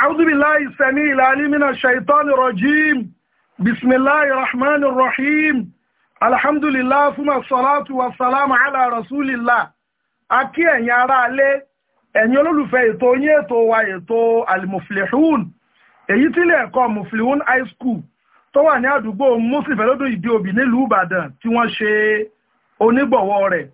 أعوذ بالله السميع العليم من الشيطان الرجيم بسم الله الرحمن الرحيم الحمد لله ثم الصلاة والسلام على رسول الله akí ẹ̀yin aráalé ẹ̀yin olólùfẹ́ ètò yín ètò wa ètò al-muflihun èyí tí ilé ẹ̀kọ́ muflihun high school tó wà ní àdúgbò muslim fẹ́lódún ìdí òbí nílùú ìbàdàn tí wọ́n ṣe onígbọ̀wọ́ rẹ̀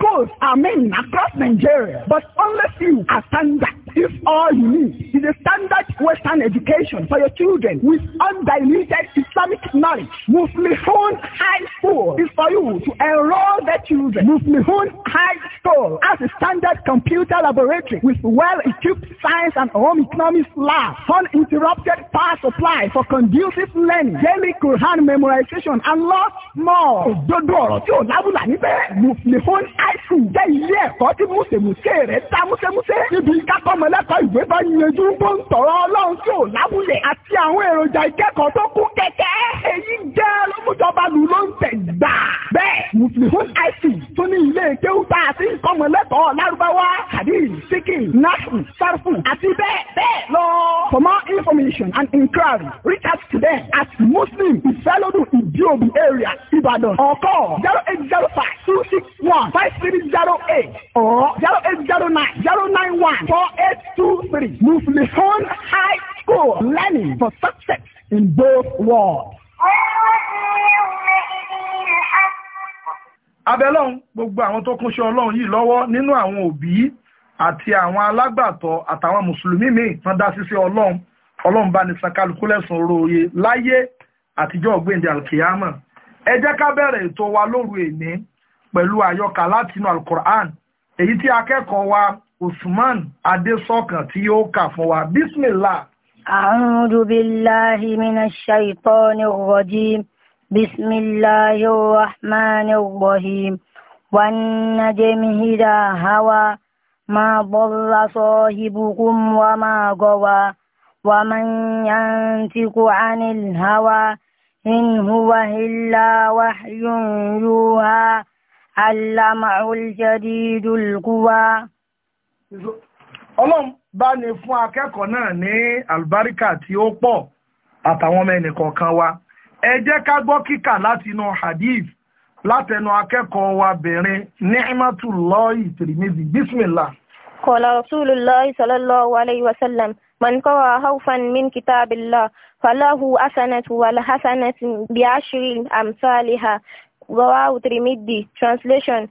schools are mean across Nigeria, but only few are standard. Achieve all you need is a standard Western education for your children with undiluted Islamic knowledge. Muflihun High School is for you to enroll their children. Muflihun High School has a standard computer laboratory with well-equipped science and home economics lab, uninterrupted power supply for conducive learning, daily Quran memorization, and lots more. Òdodo ọ̀rọ̀ tí ò lábùlà níbẹ̀. Muflihun High School jẹ́ ilé ẹ̀kọ́ tí Mùsèmùsè rẹ̀ ta Mùsèmùsè níbi kákọ́mọ ẹlẹ́kọ̀ọ́ ìwé bá yanjú tó ń tọ̀rọ̀ ọlọ́run tí ò lábúlẹ̀ àti àwọn èròjà ìkẹ́kọ̀ọ́ tó kún kẹ̀kẹ́. èyí jẹ́ olómùjọba lù ló ń tẹ̀ gbà. bẹ́ẹ̀ muslimun aisin tó ní ilé kéwú tá a lárúbáwá hadith sikin nahu sarfu àti bẹ́ẹ̀ bẹ́ẹ̀ lọ. for more information and inquiry reach out to them at muslim ifelodun idiobi area ibadan or zero eight zero five two six one five three zero eight or zero eight zero nine zero nine one four eight two three. Muflihun High School learning for success in both worlds. Abẹ́lọ́hún gbogbo àwọn tó kúnṣe Ọlọ́run yìí lọ́wọ́ nínú àwọn òbí àti àwọn alágbàtọ́ àtàwọn mùsùlùmí míì tán dá sí sí Ọlọ́run Ọlọ́run bá ní sàkálùkù lẹ́sùn oróye láyé àtijọ́ ọ̀gbìndì alkiyama ẹ jẹ́ ká bẹ̀rẹ̀ ètò wa lóru èní pẹ̀lú àyọkà látinú alukur'an èyí tí akẹ́kọ̀ọ́ wa usman adesokan tí yóò kà fún wa bismillah. أعوذ بالله من الشيطان الرجيم بسم الله الرحمن الرحيم والنجم إذا هوى ما ضل صاحبكم وما غوى ومن ينطق عن الهوى إن هو إلا وحي يوحى Alámàrún jẹ́dìdú lùkúwá. Ọlọ́run bá ní fún akẹ́kọ̀ọ́ náà ní àlùbáríkà tí ó pọ̀ àtàwọn ọmọ ẹnìkọ̀ọ̀kan wa. Ẹ jẹ́ ká gbọ́ kíkà látinú Hadith látẹnu akẹ́kọ̀ọ́ wa bẹ̀rin Ni'matullahi Tirmidhi. Bísmìlá. قال رسول الله صلى الله عليه وسلم من قرأ حرفا من كتاب الله فله حسنة والحسنة بعشر أمثالها Rawahu Tirmidhi. Translation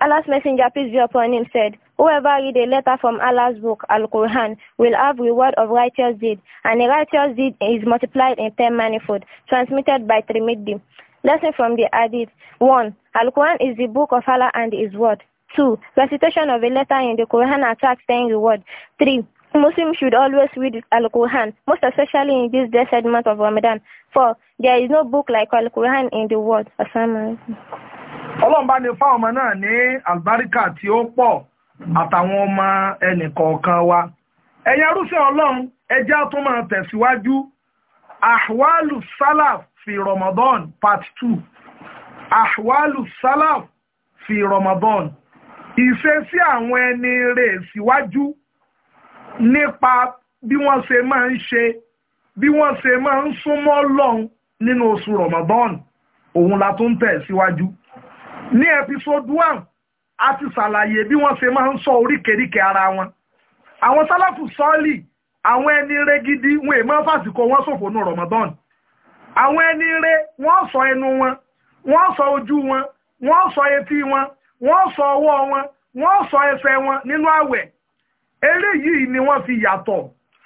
Allah's Messenger, peace be upon him, said, Whoever read a letter from Allah's book, Al-Quran, will have reward of righteous deed, and a righteous deed is multiplied in ten manifold, transmitted by Trimiddi. Lesson from the Hadith. 1. Al-Quran is the book of Allah and His word. 2. Recitation of a letter in the Quran attracts ten reward. 3. Muslims should always read Al-Quran, most especially in this blessed month of Ramadan. For there is no book like Al-Quran in the world. Ọlọ́run bá ní fáwọn ọmọ náà ní àlùbáríkà tí ó pọ̀ àtàwọn ọmọ ẹnìkọ̀ọ̀kan wa. Ẹ̀yin arúfẹ́ Ọlọ́run ẹjẹ́ tó máa tẹ̀síwájú. Ahwalu Salaf fi Ramadan part two. Ahwalu Salaf fi Ramadan. Ìṣesí àwọn ẹni rè síwájú. Si nípa bí wọ́n ṣe máa ń ṣe bí wọ́n ṣe máa ń súnmọ́ lọ́hùn nínú oṣù Ramadan òun la tó ń tẹ̀ síwájú ní episode one a ti ṣàlàyé bí wọ́n ṣe máa ń sọ oríkèéríkèé ara wọn àwọn sálàfù sọ́ọ̀lì àwọn ẹni rẹ gidi wọn èèmọ́ fàsìkò wọn ṣòfò ní Ramadan àwọn ẹni rẹ wọn sọ ẹnu wọn wọn sọ ojú wọn wọn sọ etí wọn wọn sọ ọwọ́ wọn wọn sọ ẹsẹ̀ wọn nínú àwẹ̀ eléyìí ni wọ́n fi yàtọ̀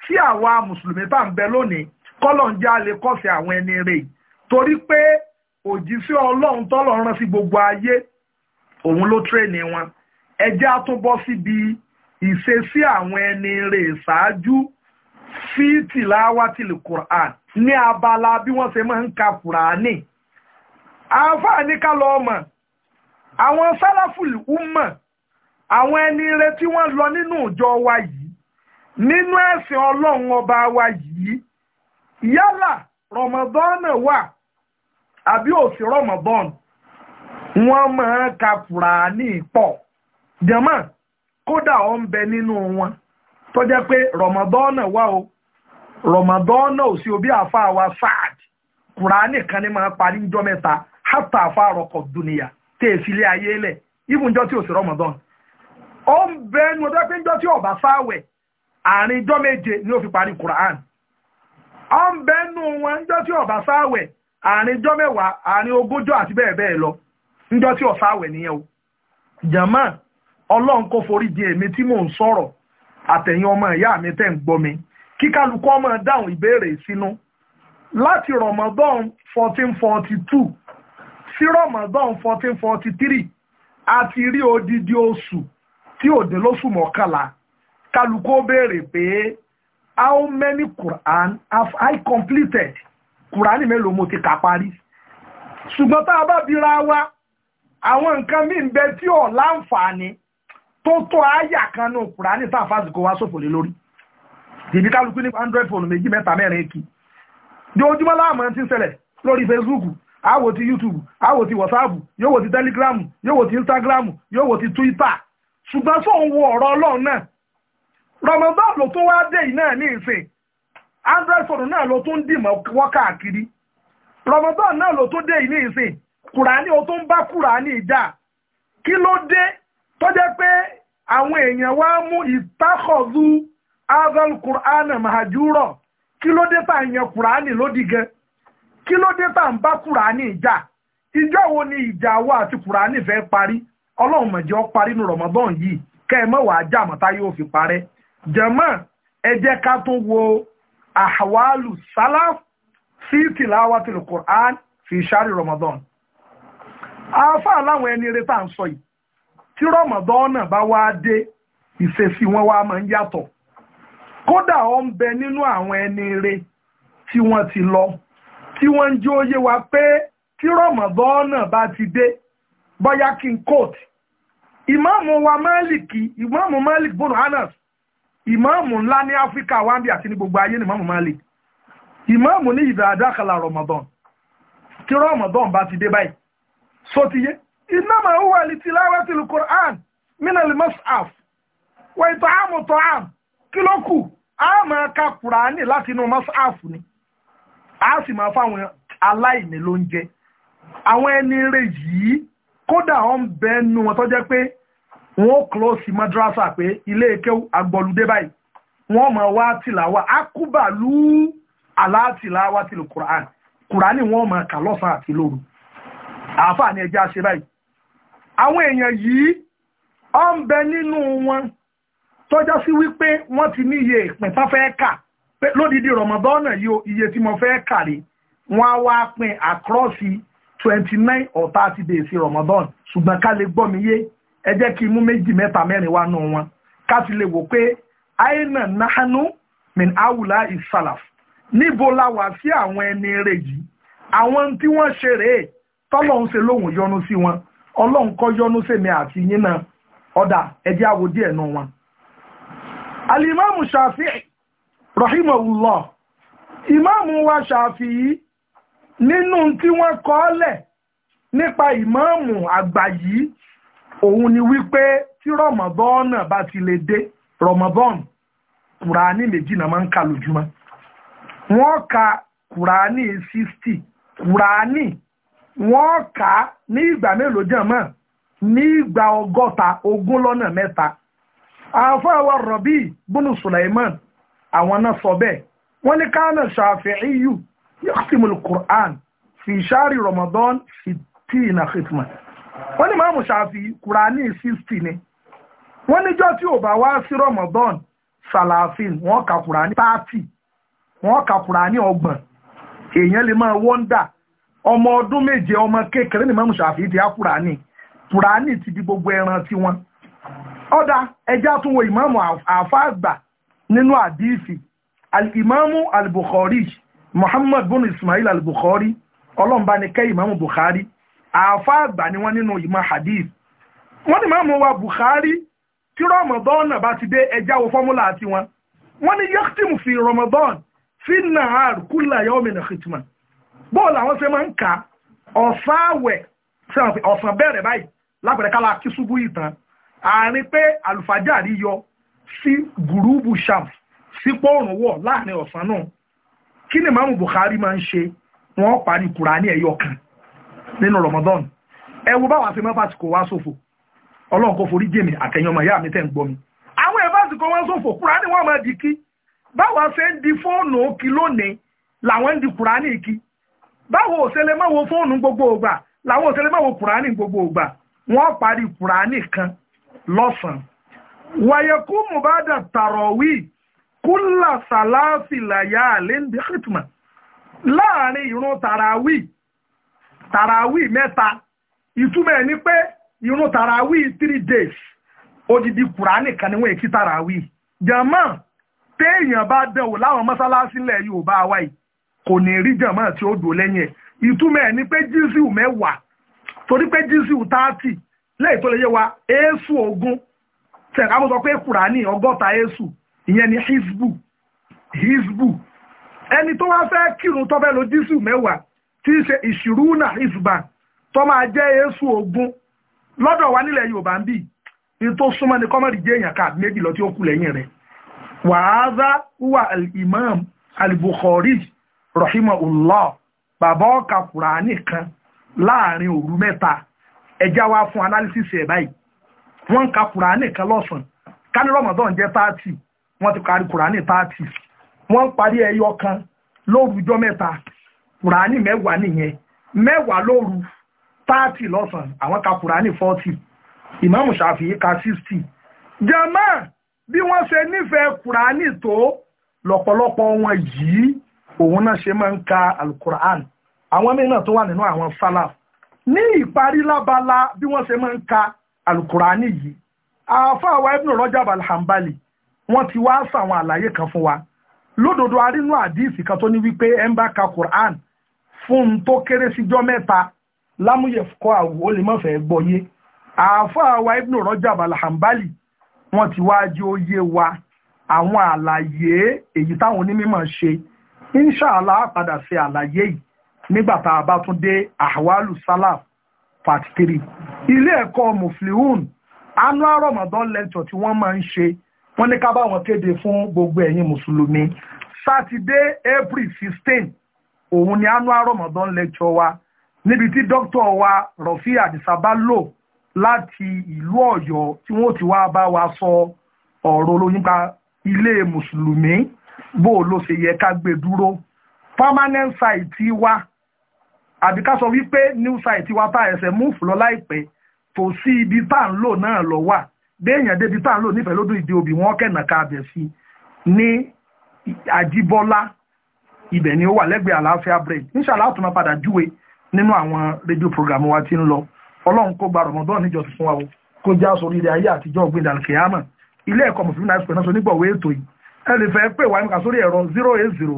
sí àwa mùsùlùmí tá ń bẹ lónìí kọ́lọ̀njá lè kọ́sẹ̀ àwọn ẹni rẹ̀ torí pé òjíṣẹ́ ọlọ́run tọ́lọ̀ rán sí gbogbo ayé òun ló tírèèni wọn ẹjẹ́ á tún bọ́ síbi ìṣesí àwọn ẹni rẹ̀ ṣáájú fi tìláwátìlì Qur'an ní abala bí wọ́n ṣe máa ń ka Qur'ani àǹfààní ká lọ́ọ́ mọ̀ àwọn sálàfùlù ń mọ̀ àwọn ẹni ire tí wọ́n lọ nínú ìjọ wa yìí nínú ẹ̀sìn ọlọ́run ọba wa yìí yálà rọmọdọ́nà wà àbí òsì rọmọdọ́nà wọ́n máa ka fúrání pọ̀ jẹ́mọ́ kódà ọ ń bẹ nínú wọn tó jẹ́ pé rọmọdọ́nà wà o ò sí wa sáàd kan ní máa parí ńjọ́ mẹ́ta hátà dùnìyà tẹ̀ ayé lẹ̀ ibùjọ́ ó ń bẹ ẹnu ọjọ́ pé níjọ́ tí ọba fáwẹ̀ àárín ijọ́ méje ni ó fi parí Quran ó ń bẹ ẹnu wọn níjọ́ tí ọba fáwẹ̀ àárín ijọ́ mẹ́wàá àárín ogójọ́ àti bẹ́ẹ̀ bẹ́ẹ̀ lọ níjọ́ tí ọ̀sá àwẹ̀ nìyẹn o jàmá ọlọ́run kò forí di èmi tí mò ń sọ̀rọ̀ àtẹ̀yìn ọmọ ìyá mi tẹ̀ ń gbọ́ mi kíkálukú ọmọ dáhùn ìbéèrè sínú láti rọ̀mọ́dọ́n 1442 sí rọ̀mọ́dọ́n 1443 a ti rí odidi oṣù tí ò dé lóṣù mọ́kànlá kálukú ó béèrè pé how many Quran have I completed Quran mélòó mo ti kà parí ṣùgbọ́n tá a bá wa àwọn nǹkan míì ń bẹ tí ò láǹfààní tó tó kan Quran tá a fásitì wá lé lórí kálukú ní Android phone méjì mẹ́ta mẹ́rin kì í láàmú ń ṣẹlẹ̀ lórí Facebook YouTube WhatsApp yóò Telegram yóò Instagram ṣùgbọ́n sọ òun wo ọ̀rọ̀ ọlọ́run náà Ramadan ló tún wá dé yìí náà ní ìsìn andrew sọ̀rọ̀ náà ló tún dìmọ̀ wọ́n káàkiri Ramadan náà ló tún dé yìí ní ìsìn kùránì ó tún bá kùránì ìjà kí ló dé tó jẹ́ pé àwọn èèyàn wá mú ìtàkọ̀zú azal kùránì mahajúrọ̀ kí ló dé tá à ń yan kùránì lódì gan kí ló dé tá à ń bá kùránì ìjà ìjọ́ wo ni ìjà wa àti kùránì fẹ́ parí ọlọ́run mọ̀jẹ́ ọ parí nu rọ̀mọ́bọ́n yìí kẹ́ ẹ mọ̀ wàá jà mọ́tá yóò fi parẹ́ jẹ̀mọ́ ẹ jẹ́ ká tún wo àwálù sálàf sí tìláwá tìlù Qur'an fi ṣáàrì rọ̀mọ́bọ́n àáfàá láwọn ẹni eré tá à ń sọ yìí tí rọ̀mọ́bọ́n náà bá wá dé ìṣesí wọn wá máa ń yàtọ̀ kódà ó ń bẹ nínú àwọn ẹni eré tí wọ́n ti lọ tí wọ́n ń jẹ́ òye wa pé tí rọ̀mọ́bọ́n náà bá ti dé Bayer King Court. Imam wa Maliki, Imam Malik bon Anas. Imam nla ni Africa wa bi ati n'gbogbo aye ni Imam Malik. Imam ni ibe adakala Ramadan. Ti Ramadan ba ti de bayi. So ti ye. Inna ma huwa li tilawati al-Quran min al-mas'af. Wa ita'amu ta'am. Kiloku ama ka Qur'ani lati no mas'af ni. A si ma fa won alai ni lo Awon eni re yi kódà ọ̀n bẹ́ẹ̀nu wọn tó jẹ́ pé wọ́n kúlọ́ọ̀sì madrasa pé ilé eke agbọ̀lùdé báyìí wọ́n máa wá tìlàwà akúbàlú aláàtìláwà tìlù kùrán kùránì wọ́n máa kà lọ́sàn àti lóru àáfàá ni ẹja ṣe báyìí àwọn èèyàn yìí ọ̀n bẹ nínú wọn tọ́já sí wípé wọ́n ti ní iye ìpín tán fẹ́ kà lódìdí rọ̀mọ̀bọ́nà yìí iye tí mo fẹ́ kà wọ́n á wá pín àkọ́ọ̀sì twenty nine or thirty days Ramadan ṣùgbọ́n ká lè gbọ́ mi yé ẹ jẹ́ kí n mú méjì mẹ́ta mẹ́rin wá nù wọn ká sì lè wò pé aina nahanu min awula isalaf níbo la wà sí àwọn ẹni rè yìí àwọn tí wọ́n ṣe rèé tọ́lọ́hún ṣe lóhùn yọ́nú sí wọn ọlọ́hun kọ́ yọ́nú sèmi àti yín náà ọ̀dà ẹ̀jẹ̀ àwò díẹ̀ nù wọn. alimami shafi'i rahimahullah imaamu wa shafi'i nínú tí wọ́n kọ́ lẹ̀ nípa ìmáàmù àgbà yìí òun ni wípé tí rọmọbọ́ọ̀nà bá ti lè dé rọmọbọ́ọ̀nù kùránì méjì náà máa ń kà lójúmọ́ wọ́n ka kùránì sixty kùránì wọ́n kà á ní ìgbà mélòó jẹ̀ mọ́ ní ìgbà ọgọ́ta ogún lọ́nà mẹ́ta àáfàá wa rọ̀bì bùnú sùlẹ̀mán àwọn náà sọ bẹ́ẹ̀ wọ́n ní káánà ṣàfihàn yìí yọ́sìmù Qur'an fi ṣáàrì Ramadan fifteen àkìtìmọ̀ wọ́n ní máàmù ṣàfi Qur'ani sixty ni wọ́n níjọ́ tí ò bá wá sí Ramadan salafin wọ́n ka Qur'ani thirty wọ́n ka Qur'ani ọgbọ̀n èèyàn lè máa wọ́ndà ọmọ ọdún méje ọmọ kékeré ní máàmù ṣàfi ti á Qur'ani Qur'ani ti di gbogbo ẹran tiwọn ọ̀dà ẹja tún wo ìmáàmù àfáàgbà nínú àdìsí al-Imamu Muhammad bin Ismail al-Bukhari ọlọ́mbà ni kẹ́ ìmáàmù Bukhari àáfà àgbà ni wọ́n nínú ìmọ̀ hadith wọ́n ní máàmù wa Bukhari tí Ramadan bá ti dé ẹja wo fọ́múlà àti wọn wọ́n ní yọ́kítìmù fi Ramadan fi nahar kúlà yawmin khitman bọ́ọ̀lù àwọn ṣe máa ń kà ọ̀sán àwẹ̀ ọ̀sán bẹ̀rẹ̀ báyìí lápẹ̀rẹ̀ kálá kí ṣubú ìtàn àárín pé àlùfájàrí yọ sí gùrúbù shams sípò òrùn wọ̀ láàrin ọ̀sán náà kí ni Imam Bukhari máa ń ṣe wọ́n parí Kùránì ẹ̀yọ kan nínú Ramadan ẹ wo báwa ṣe mẹ́fà tí kò wá sófò ọlọ́run kò forí jèmi àtẹ̀yìn ọmọ ìyá mi tẹ̀ ń gbọ́ mi àwọn ẹ̀fà tí kò wá sófò Kùránì wọ́n máa di kí báwa ṣe ń di fóònù kí lónìí làwọn ń di Kùránì kí báwo òṣèlè máa wo fóònù gbogbo ògbà làwọn òṣèlè máa wo Kùránì gbogbo ògbà wọ́n parí Kùránì kan lọ́sàn-án wàyẹ̀kú mùbádà tàrọ̀wíì kúlà sàlásìláyà àléǹdé kìtùmà láàrin ìrun tàràwì tàràwì mẹ́ta ìtumọ̀ ẹ̀ ni pé ìrun tàràwì three days odidi kùránì kan ni wọ́n èkí tàràwì jàmọ́ téèyàn bá dẹ̀wò láwọn mọ́sálásí ilẹ̀ Yorùbá wa yìí kò ní rí jàmọ́ tí ó dò lẹ́yìn ẹ̀ ìtumọ̀ ẹ̀ ni pé jísù mẹ́wàá torí pé jísù táàtì lẹ́yìn tó lè yé wa éésù ogún tẹ̀ka mo sọ pé kùránì ọgọ́ta éésù ìyẹn ni hizbu hizbu ẹni tó wá fẹ́ kírun tó fẹ́ lo dísù mẹ́wàá tí í ṣe ìṣirúnà hizba tó máa jẹ́ èésù ogun lọ́dọ̀ wa nílẹ̀ Yorùbá ń bì ní tó súnmọ́ ni kọ́mọ̀rì jẹ́ èèyàn káàdì méjì lọ tí ó kù lẹ́yìn rẹ̀ wàhálà wà imam al-Bukhari rahimahullah bàbá ọkà kùránì kan láàrin òru mẹ́ta ẹjá wa fún analysis ẹ̀ báyìí wọ́n ń ka kùránì kan lọ́sàn-án kánírọ̀mọ́dọ́n jẹ́ 30 wọ́n ti parí kùránì táàtì wọ́n ń parí ẹyọ kan lóòrùjọ́ mẹ́ta kùránì mẹ́wàá nìyẹn mẹ́wàá lóòrù táàtì lọ́sàn àwọn ka kùránì fọ́tì ìmáàmù ṣàfihàn ka sixty jama bí wọ́n ṣe nífẹ̀ẹ́ kùránì tó lọ́pọ̀lọpọ̀ wọn yìí òun náà ṣe máa ń ka alukur'an àwọn mìíràn tó wà nínú àwọn salaf ní ìparí lábala bí wọ́n ṣe máa ń ka alukur'an yìí àáfàá wa ibn Rajab al wọ́n ti wá sàwọn àlàyé kan fún wa lódodo arínú àdíìsì kan tó ní wípé ẹ̀ ń bá ka Quran fún un tó kéré síjọ́ mẹ́ta lámúyẹ̀ kọ́ àwọ̀ ó lè má fẹ́ gbọ́ yé àáfàá wa Ibn Rajab al-Hanbali wọ́n ti wá jẹ́ oyé wa àwọn àlàyé èyí táwọn onímọ̀ ṣe inṣàlá padà ṣe àlàyé yìí nígbà tá a bá tún dé ahwalu salaf part three ilé ẹ̀kọ́ muflihun annual Ramadan lecture tí wọ́n máa ń ṣe wọ́n ní ká bá wọn kéde fún gbogbo ẹ̀yin mùsùlùmí sátidé april sixteen òun ni annual ramadan lecture wa níbi tí dókítà wa rọ̀fí àdìsábá lò láti ìlú ọ̀yọ́ tí wọ́n ti wá bá wa sọ ọ̀rọ̀ olóyún pa ilé mùsùlùmí bó ló ṣe yẹ ká gbé dúró permanent site wa àbí ká sọ wípé new site wa tá ẹsẹ̀ múùfù lọ láìpẹ́ tòsí ibi tá à ń lò náà lọ wà béèyàn débi tá à ń lò nífẹ̀ẹ́ lódò ìdí obì wọn kẹ̀nà káàbẹ̀ sí ní àjíbọ́lá ibẹ̀ ni ó wà lẹ́gbẹ̀ẹ́ àlàáfíà bread inshallah àtúnmọ̀ padà júwe nínú àwọn wa ti ń lọ ọlọ́run kó gba rọ̀mọ́dọ́n níjọ tuntun wa o kó já sórí ilé ayé àtijọ́ ọ̀gbìn dàlùkìyàmọ̀ ilé ẹ̀kọ́ mùsùlùmí náà pẹ̀lú onígbọ̀wé ètò yìí ẹ lè fẹ́ pè wá nípa sórí ẹ̀rọ zero eight zero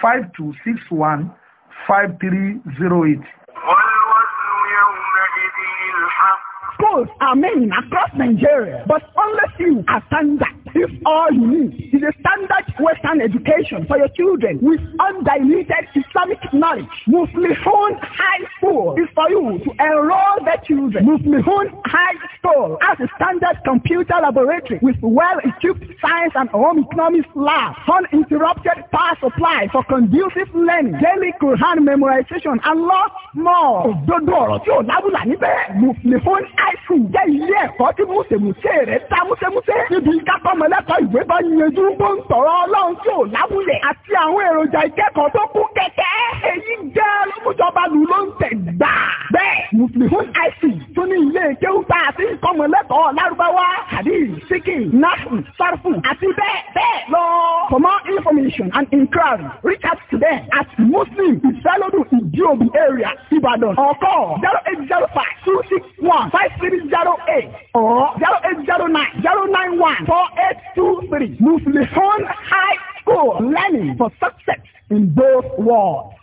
five Schools are many across Nigeria, but only few are standard. If all you need is a standard Western education for your children with undiluted Islamic knowledge, Muslihun High School is for you to enroll their children. Muslihun High School has a standard computer laboratory with well-equipped science and home economics labs, uninterrupted power supply for conducive learning, daily Quran memorization, and lots more. Muslihun High School ǹjẹ́ ilé ẹ̀kọ́ tí múṣemúṣe rẹ̀ dá múṣemúṣe níbi ìkápámọ́lẹ́kọ̀ọ́ ìwé bá yanjú bó ń tọ̀rọ̀ ọlọ́run tí ò lábúlẹ̀ àti àwọn èròjà ìkẹ́kọ̀ọ́ tó kún kẹ̀kẹ́ èyí jẹ́ lọ́mújọba lù ló ń tẹ̀ gbà. bẹ́ẹ̀ muslimun ic tó ní ilé kéwúta àti ìkọ́mọ̀lẹ́kọ̀ọ́ lárúbáwá hadith siki nahu sarfu àti bẹ́ẹ̀ bẹ́ẹ̀ lọ. for more information and inquiry reach out to them at muslim ifelodun idiobi area ibadan or call zero eight zero five two six one five or zero eight zero nine zero nine one four eight two three Muflihun High School learning for success in both worlds.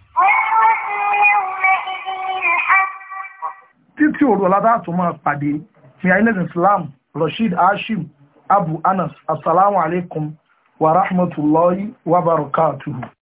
títí òru ọ̀làdá tó máa pàdé ní àìlẹ́sìn Islam Rasheed Hashim Abu Anas asalaamualeykum wa rahmatulahi wa barakatuhu.